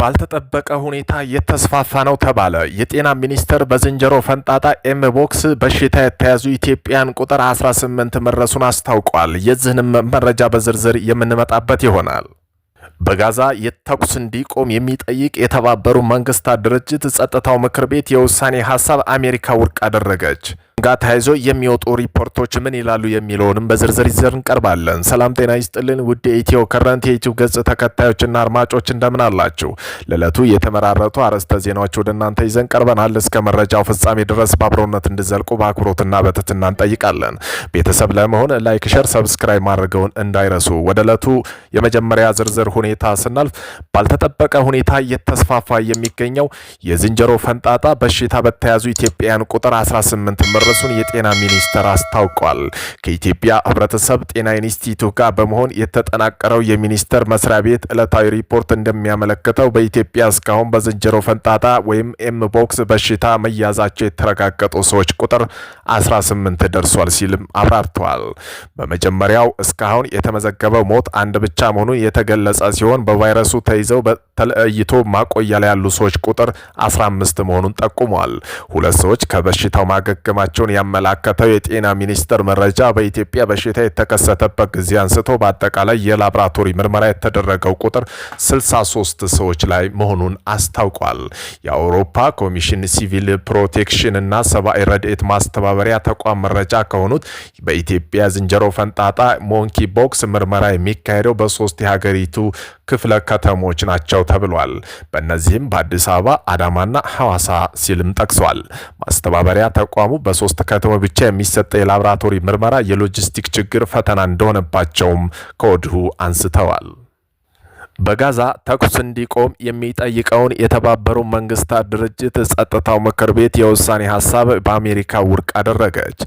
ባልተጠበቀ ሁኔታ እየተስፋፋ ነው ተባለ። የጤና ሚኒስቴር በዝንጀሮ ፈንጣጣ ኤምቦክስ በሽታ የተያዙ ኢትዮጵያን ቁጥር 18 መድረሱን አስታውቋል። የዚህንም መረጃ በዝርዝር የምንመጣበት ይሆናል። በጋዛ የተኩስ እንዲቆም የሚጠይቅ የተባበሩ መንግስታት ድርጅት ጸጥታው ምክር ቤት የውሳኔ ሀሳብ አሜሪካ ውድቅ አደረገች። ጋር ተያይዞ የሚወጡ ሪፖርቶች ምን ይላሉ የሚለውንም በዝርዝር ይዘን እንቀርባለን። ሰላም ጤና ይስጥልን ውድ የኢትዮ ከረንት የዩቲዩብ ገጽ ተከታዮችና አድማጮች እንደምን አላችሁ? ለዕለቱ የተመራረጡ አርዕስተ ዜናዎች ወደ እናንተ ይዘን ቀርበናል። እስከ መረጃው ፍጻሜ ድረስ በአብሮነት እንዲዘልቁ በአክብሮትና በትትና እንጠይቃለን። ቤተሰብ ለመሆን ላይክ፣ ሸር፣ ሰብስክራይብ ማድረገውን እንዳይረሱ። ወደ ዕለቱ የመጀመሪያ ዝርዝር ሁኔታ ስናልፍ ባልተጠበቀ ሁኔታ እየተስፋፋ የሚገኘው የዝንጀሮ ፈንጣጣ በሽታ በተያዙ ኢትዮጵያውያን ቁጥር 18 ምር መድረሱን የጤና ሚኒስቴር አስታውቋል። ከኢትዮጵያ ህብረተሰብ ጤና ኢንስቲትዩት ጋር በመሆን የተጠናቀረው የሚኒስቴር መስሪያ ቤት ዕለታዊ ሪፖርት እንደሚያመለክተው በኢትዮጵያ እስካሁን በዝንጀሮ ፈንጣጣ ወይም ቦክስ በሽታ መያዛቸው የተረጋገጡ ሰዎች ቁጥር 18 ደርሷል ሲልም አብራርተዋል። በመጀመሪያው እስካሁን የተመዘገበው ሞት አንድ ብቻ መሆኑን የተገለጸ ሲሆን በቫይረሱ ተይዘው ተለይቶ ማቆያ ላይ ያሉ ሰዎች ቁጥር 15 መሆኑን ጠቁመዋል። ሁለት ሰዎች ከበሽታው ማገገማቸው መሆናቸውን ያመላከተው የጤና ሚኒስቴር መረጃ በኢትዮጵያ በሽታ የተከሰተበት ጊዜ አንስቶ በአጠቃላይ የላብራቶሪ ምርመራ የተደረገው ቁጥር 63 ሰዎች ላይ መሆኑን አስታውቋል። የአውሮፓ ኮሚሽን ሲቪል ፕሮቴክሽን እና ሰብአዊ ረድኤት ማስተባበሪያ ተቋም መረጃ ከሆኑት በኢትዮጵያ ዝንጀሮ ፈንጣጣ ሞንኪ ቦክስ ምርመራ የሚካሄደው በሶስት የሀገሪቱ ክፍለ ከተሞች ናቸው ተብሏል። በእነዚህም በአዲስ አበባ፣ አዳማና ሐዋሳ ሲልም ጠቅሷል። ማስተባበሪያ ተቋሙ በሶ ሶስት ከተሞ ብቻ የሚሰጠ የላቦራቶሪ ምርመራ የሎጂስቲክ ችግር ፈተና እንደሆነባቸውም ከወዲሁ አንስተዋል። በጋዛ ተኩስ እንዲቆም የሚጠይቀውን የተባበሩ መንግስታት ድርጅት ጸጥታው ምክር ቤት የውሳኔ ሀሳብ በአሜሪካ ውድቅ አደረገች።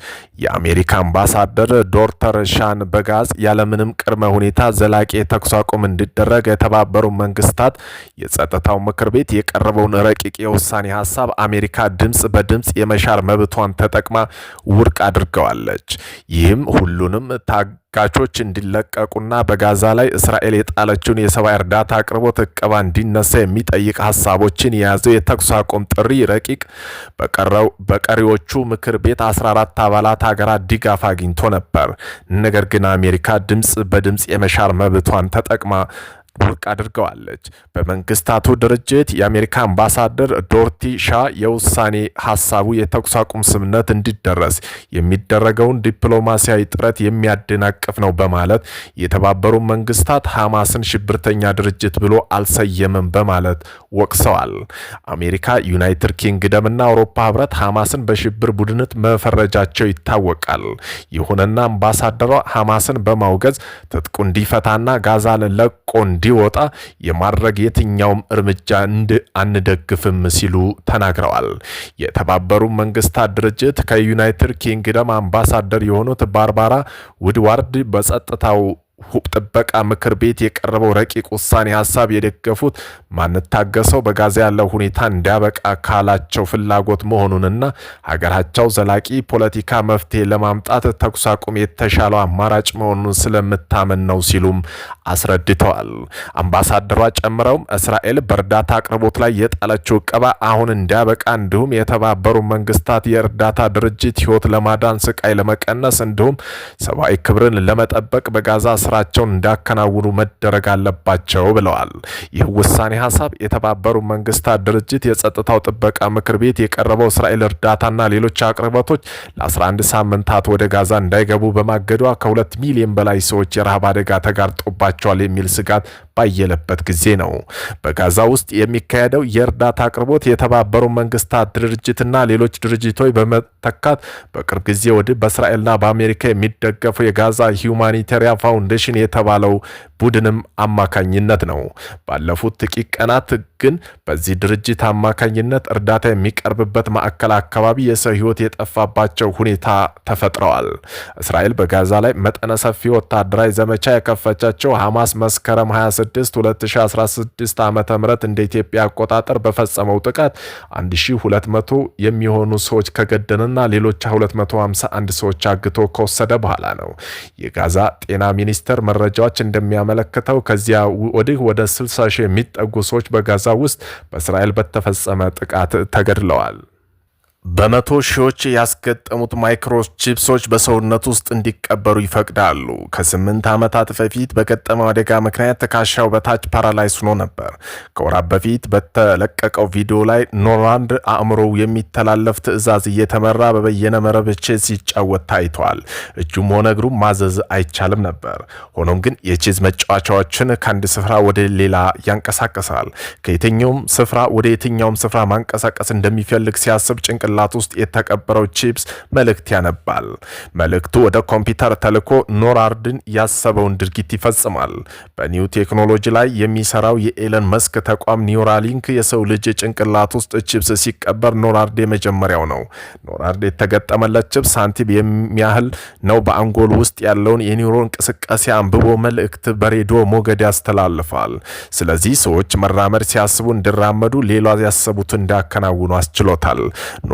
የአሜሪካ አምባሳደር ዶክተር ሻን በጋዝ ያለምንም ቅድመ ሁኔታ ዘላቂ የተኩስ አቁም እንዲደረግ የተባበሩ መንግስታት የጸጥታው ምክር ቤት የቀረበውን ረቂቅ የውሳኔ ሀሳብ አሜሪካ ድምፅ በድምፅ የመሻር መብቷን ተጠቅማ ውድቅ አድርገዋለች። ይህም ሁሉንም ታጋቾች እንዲለቀቁና በጋዛ ላይ እስራኤል የጣለችውን የሰብአዊ እርዳታ አቅርቦት እቀባ እንዲነሳ የሚጠይቅ ሀሳቦችን የያዘው የተኩስ አቁም ጥሪ ረቂቅ በቀሪዎቹ ምክር ቤት 14 አባላት ሀገራት ድጋፍ አግኝቶ ነበር። ነገር ግን አሜሪካ ድምፅ በድምፅ የመሻር መብቷን ተጠቅማ ውድቅ አድርገዋለች። በመንግስታቱ ድርጅት የአሜሪካ አምባሳደር ዶርቲ ሻ የውሳኔ ሀሳቡ የተኩስ አቁም ስምምነት እንዲደረስ የሚደረገውን ዲፕሎማሲያዊ ጥረት የሚያደናቅፍ ነው በማለት የተባበሩ መንግስታት ሐማስን ሽብርተኛ ድርጅት ብሎ አልሰየምም በማለት ወቅሰዋል። አሜሪካ፣ ዩናይትድ ኪንግደም እና አውሮፓ ህብረት ሐማስን በሽብር ቡድነት መፈረጃቸው ይታወቃል። ይሁንና አምባሳደሯ ሐማስን በማውገዝ ትጥቁ እንዲፈታና ጋዛን ለቆ እንዲወጣ የማድረግ የትኛውም እርምጃ አንደግፍም ሲሉ ተናግረዋል። የተባበሩ መንግስታት ድርጅት ከዩናይትድ ኪንግደም አምባሳደር የሆኑት ባርባራ ውድዋርድ በጸጥታው ጥበቃ ምክር ቤት የቀረበው ረቂቅ ውሳኔ ሀሳብ የደገፉት ማንታገሰው በጋዛ ያለው ሁኔታ እንዲያበቃ ካላቸው ፍላጎት መሆኑንና ሀገራቸው ዘላቂ ፖለቲካ መፍትሄ ለማምጣት ተኩስ አቁም የተሻለው አማራጭ መሆኑን ስለምታምን ነው ሲሉም አስረድተዋል። አምባሳደሯ ጨምረውም እስራኤል በእርዳታ አቅርቦት ላይ የጣለችው እቀባ አሁን እንዲያበቃ እንዲሁም የተባበሩ መንግስታት የእርዳታ ድርጅት ህይወት ለማዳን ስቃይ ለመቀነስ እንዲሁም ሰብአዊ ክብርን ለመጠበቅ በጋዛ ስራቸውን እንዳያከናውኑ መደረግ አለባቸው ብለዋል። ይህ ውሳኔ ሀሳብ የተባበሩ መንግስታት ድርጅት የጸጥታው ጥበቃ ምክር ቤት የቀረበው እስራኤል እርዳታና ሌሎች አቅርቦቶች ለ11 ሳምንታት ወደ ጋዛ እንዳይገቡ በማገዷ ከሁለት ሚሊዮን በላይ ሰዎች የረሃብ አደጋ ተጋርጦባቸው ይገድላቸዋል የሚል ስጋት ባየለበት ጊዜ ነው። በጋዛ ውስጥ የሚካሄደው የእርዳታ አቅርቦት የተባበሩ መንግስታት ድርጅትና ሌሎች ድርጅቶች በመተካት በቅርብ ጊዜ ወዲህ በእስራኤልና በአሜሪካ የሚደገፈው የጋዛ ሂዩማኒታሪያን ፋውንዴሽን የተባለው ቡድንም አማካኝነት ነው። ባለፉት ጥቂት ቀናት ግን በዚህ ድርጅት አማካኝነት እርዳታ የሚቀርብበት ማዕከል አካባቢ የሰው ሕይወት የጠፋባቸው ሁኔታ ተፈጥረዋል። እስራኤል በጋዛ ላይ መጠነ ሰፊ ወታደራዊ ዘመቻ የከፈቻቸው ሐማስ መስከረም 26 2016 ዓ ም እንደ ኢትዮጵያ አቆጣጠር በፈጸመው ጥቃት 1200 የሚሆኑ ሰዎች ከገደንና ሌሎች 251 ሰዎች አግቶ ከወሰደ በኋላ ነው። የጋዛ ጤና ሚኒስቴር መረጃዎች እንደሚያመ እንደምንመለከተው ከዚያ ወዲህ ወደ 60 ሺህ የሚጠጉ ሰዎች በጋዛ ውስጥ በእስራኤል በተፈጸመ ጥቃት ተገድለዋል። በመቶ ሺዎች ያስገጠሙት ማይክሮቺፕሶች በሰውነት ውስጥ እንዲቀበሩ ይፈቅዳሉ። ከስምንት ዓመታት በፊት በገጠመው አደጋ ምክንያት ትከሻው በታች ፓራላይስ ሆኖ ነበር። ከወራት በፊት በተለቀቀው ቪዲዮ ላይ ኖላንድ አእምሮ የሚተላለፍ ትዕዛዝ እየተመራ በበየነ መረብ ቼዝ ሲጫወት ታይቷል። እጁም ሆነ እግሩ ማዘዝ አይቻልም ነበር። ሆኖም ግን የቼዝ መጫወቻዎችን ከአንድ ስፍራ ወደ ሌላ ያንቀሳቀሳል። ከየትኛውም ስፍራ ወደ የትኛውም ስፍራ ማንቀሳቀስ እንደሚፈልግ ሲያስብ ጭንቅ ጭንቅላት ውስጥ የተቀበረው ቺፕስ መልእክት ያነባል። መልእክቱ ወደ ኮምፒውተር ተልኮ ኖራርድን ያሰበውን ድርጊት ይፈጽማል። በኒው ቴክኖሎጂ ላይ የሚሰራው የኤለን መስክ ተቋም ኒውራሊንክ የሰው ልጅ ጭንቅላት ውስጥ ቺፕስ ሲቀበር ኖራርድ የመጀመሪያው ነው። ኖራርድ የተገጠመለት ቺፕስ ሳንቲም የሚያህል ነው። በአንጎል ውስጥ ያለውን የኒውሮ እንቅስቃሴ አንብቦ መልእክት በሬዲዮ ሞገድ ያስተላልፋል። ስለዚህ ሰዎች መራመድ ሲያስቡ እንዲራመዱ፣ ሌላ ያሰቡት እንዳያከናውኑ አስችሎታል።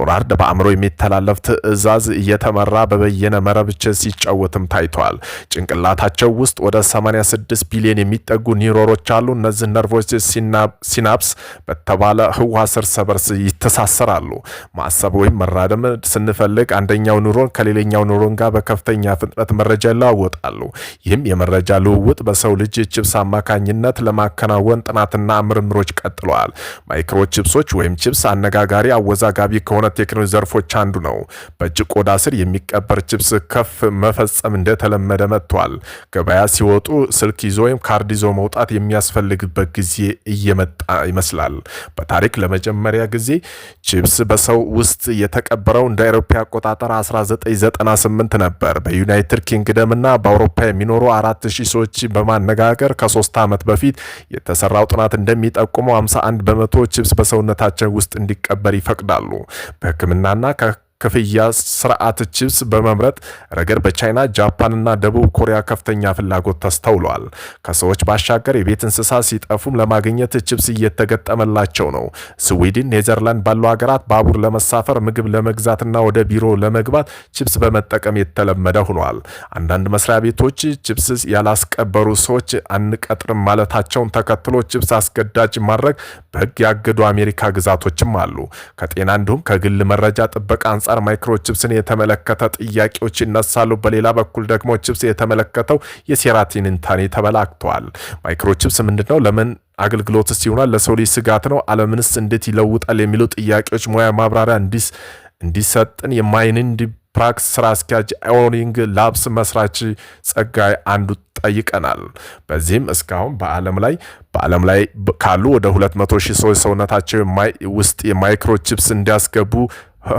በአንድ በአእምሮ የሚተላለፍ ትዕዛዝ እየተመራ በበየነ መረብ ቼስ ሲጫወትም ታይቷል። ጭንቅላታቸው ውስጥ ወደ 86 ቢሊዮን የሚጠጉ ኒውሮኖች አሉ። እነዚህ ነርቮች ሲናፕስ በተባለ ህዋ ስር ሰበርስ ይተሳሰራሉ። ማሰብ ወይም መራደም ስንፈልግ አንደኛው ኑሮን ከሌላኛው ኑሮን ጋር በከፍተኛ ፍጥነት መረጃ ይለዋወጣሉ። ይህም የመረጃ ልውውጥ በሰው ልጅ ቺፕስ አማካኝነት ለማከናወን ጥናትና ምርምሮች ቀጥለዋል። ማይክሮ ወይም ቺፕስ አነጋጋሪ አወዛጋቢ ከሆነ የክኖች ዘርፎች አንዱ ነው። በእጅ ቆዳ ስር የሚቀበር ችፕስ ከፍ መፈጸም እንደተለመደ መጥቷል። ገበያ ሲወጡ ስልክ ይዞ ወይም ካርድ ይዞ መውጣት የሚያስፈልግበት ጊዜ እየመጣ ይመስላል። በታሪክ ለመጀመሪያ ጊዜ ቺፕስ በሰው ውስጥ የተቀበረው እንደ አውሮፓ አቆጣጠር 1998 ነበር። በዩናይትድ ኪንግደም እና በአውሮፓ የሚኖሩ 4000 ሰዎች በማነጋገር ከሶስት ዓመት በፊት የተሰራው ጥናት እንደሚጠቁመው 51 በመቶ ችብስ በሰውነታቸው ውስጥ እንዲቀበር ይፈቅዳሉ። ከህክምናና ክፍያ ስርዓት ቺፕስ በመምረጥ ረገድ በቻይና ጃፓንና ደቡብ ኮሪያ ከፍተኛ ፍላጎት ተስተውሏል። ከሰዎች ባሻገር የቤት እንስሳ ሲጠፉም ለማግኘት ቺፕስ እየተገጠመላቸው ነው። ስዊድን፣ ኔዘርላንድ ባሉ ሀገራት ባቡር ለመሳፈር ምግብ ለመግዛትና ወደ ቢሮ ለመግባት ቺፕስ በመጠቀም የተለመደ ሆኗል። አንዳንድ መስሪያ ቤቶች ቺፕስ ያላስቀበሩ ሰዎች አንቀጥርም ማለታቸውን ተከትሎ ቺፕስ አስገዳጅ ማድረግ በህግ ያገዱ አሜሪካ ግዛቶችም አሉ። ከጤና እንዲሁም ከግል መረጃ ጥበቃ አንጻር ችፕስን የተመለከተ ጥያቄዎች ይነሳሉ። በሌላ በኩል ደግሞ ችፕስ የተመለከተው የሴራቲን ትንታኔ ተበላክተዋል። ማይክሮቺፕስ ምንድን ነው? ለምን አገልግሎትስ ይሆናል? ለሰው ልጅ ስጋት ነው? አለምንስ እንዴት ይለውጣል? የሚሉ ጥያቄዎች ሙያ ማብራሪያ እንዲሰጥን የማይንንድ ፕራክስ ስራ አስኪያጅ ኤኦኒንግ ላብስ መስራች ጸጋይ አንዱ ጠይቀናል። በዚህም እስካሁን በዓለም ላይ በዓለም ላይ ካሉ ወደ 200 ሺህ ሰዎች ሰውነታቸው ውስጥ የማይክሮቺፕስ እንዲያስገቡ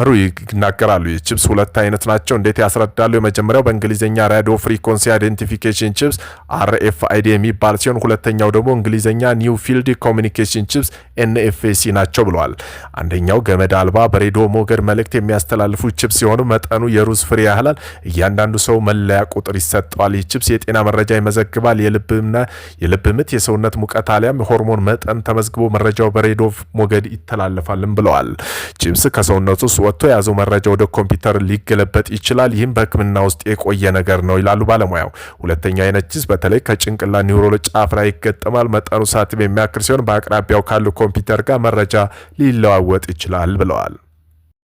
ሩ ይናገራሉ። ችፕስ ሁለት አይነት ናቸው፣ እንዴት ያስረዳሉ? የመጀመሪያው በእንግሊዝኛ ራዲዮ ፍሪኮንሲ አይደንቲፊኬሽን ቺፕስ አርኤፍአይዲ የሚባል ሲሆን ሁለተኛው ደግሞ እንግሊዝኛ ኒው ፊልድ ኮሚኒኬሽን ቺፕስ ኤንኤፍሲ ናቸው ብለዋል። አንደኛው ገመድ አልባ በሬዲዮ ሞገድ መልእክት የሚያስተላልፉ ቺፕስ ሲሆኑ መጠኑ የሩዝ ፍሬ ያህላል። እያንዳንዱ ሰው መለያ ቁጥር ይሰጠዋል። ይህ ቺፕስ የጤና መረጃ ይመዘግባል። የልብና የልብ ምት፣ የሰውነት ሙቀት አሊያም የሆርሞን መጠን ተመዝግቦ መረጃው በሬዲዮ ሞገድ ይተላለፋልም ብለዋል። ቺፕስ ከሰውነቱ ሱስ ወጥቶ የያዘው መረጃ ወደ ኮምፒውተር ሊገለበጥ ይችላል። ይህም በህክምና ውስጥ የቆየ ነገር ነው ይላሉ ባለሙያው። ሁለተኛ አይነት ጭስ በተለይ ከጭንቅላ ኒውሮል ጫፍ ላይ ይገጠማል። መጠኑ ሳንቲም የሚያክል ሲሆን በአቅራቢያው ካሉ ኮምፒውተር ጋር መረጃ ሊለዋወጥ ይችላል ብለዋል።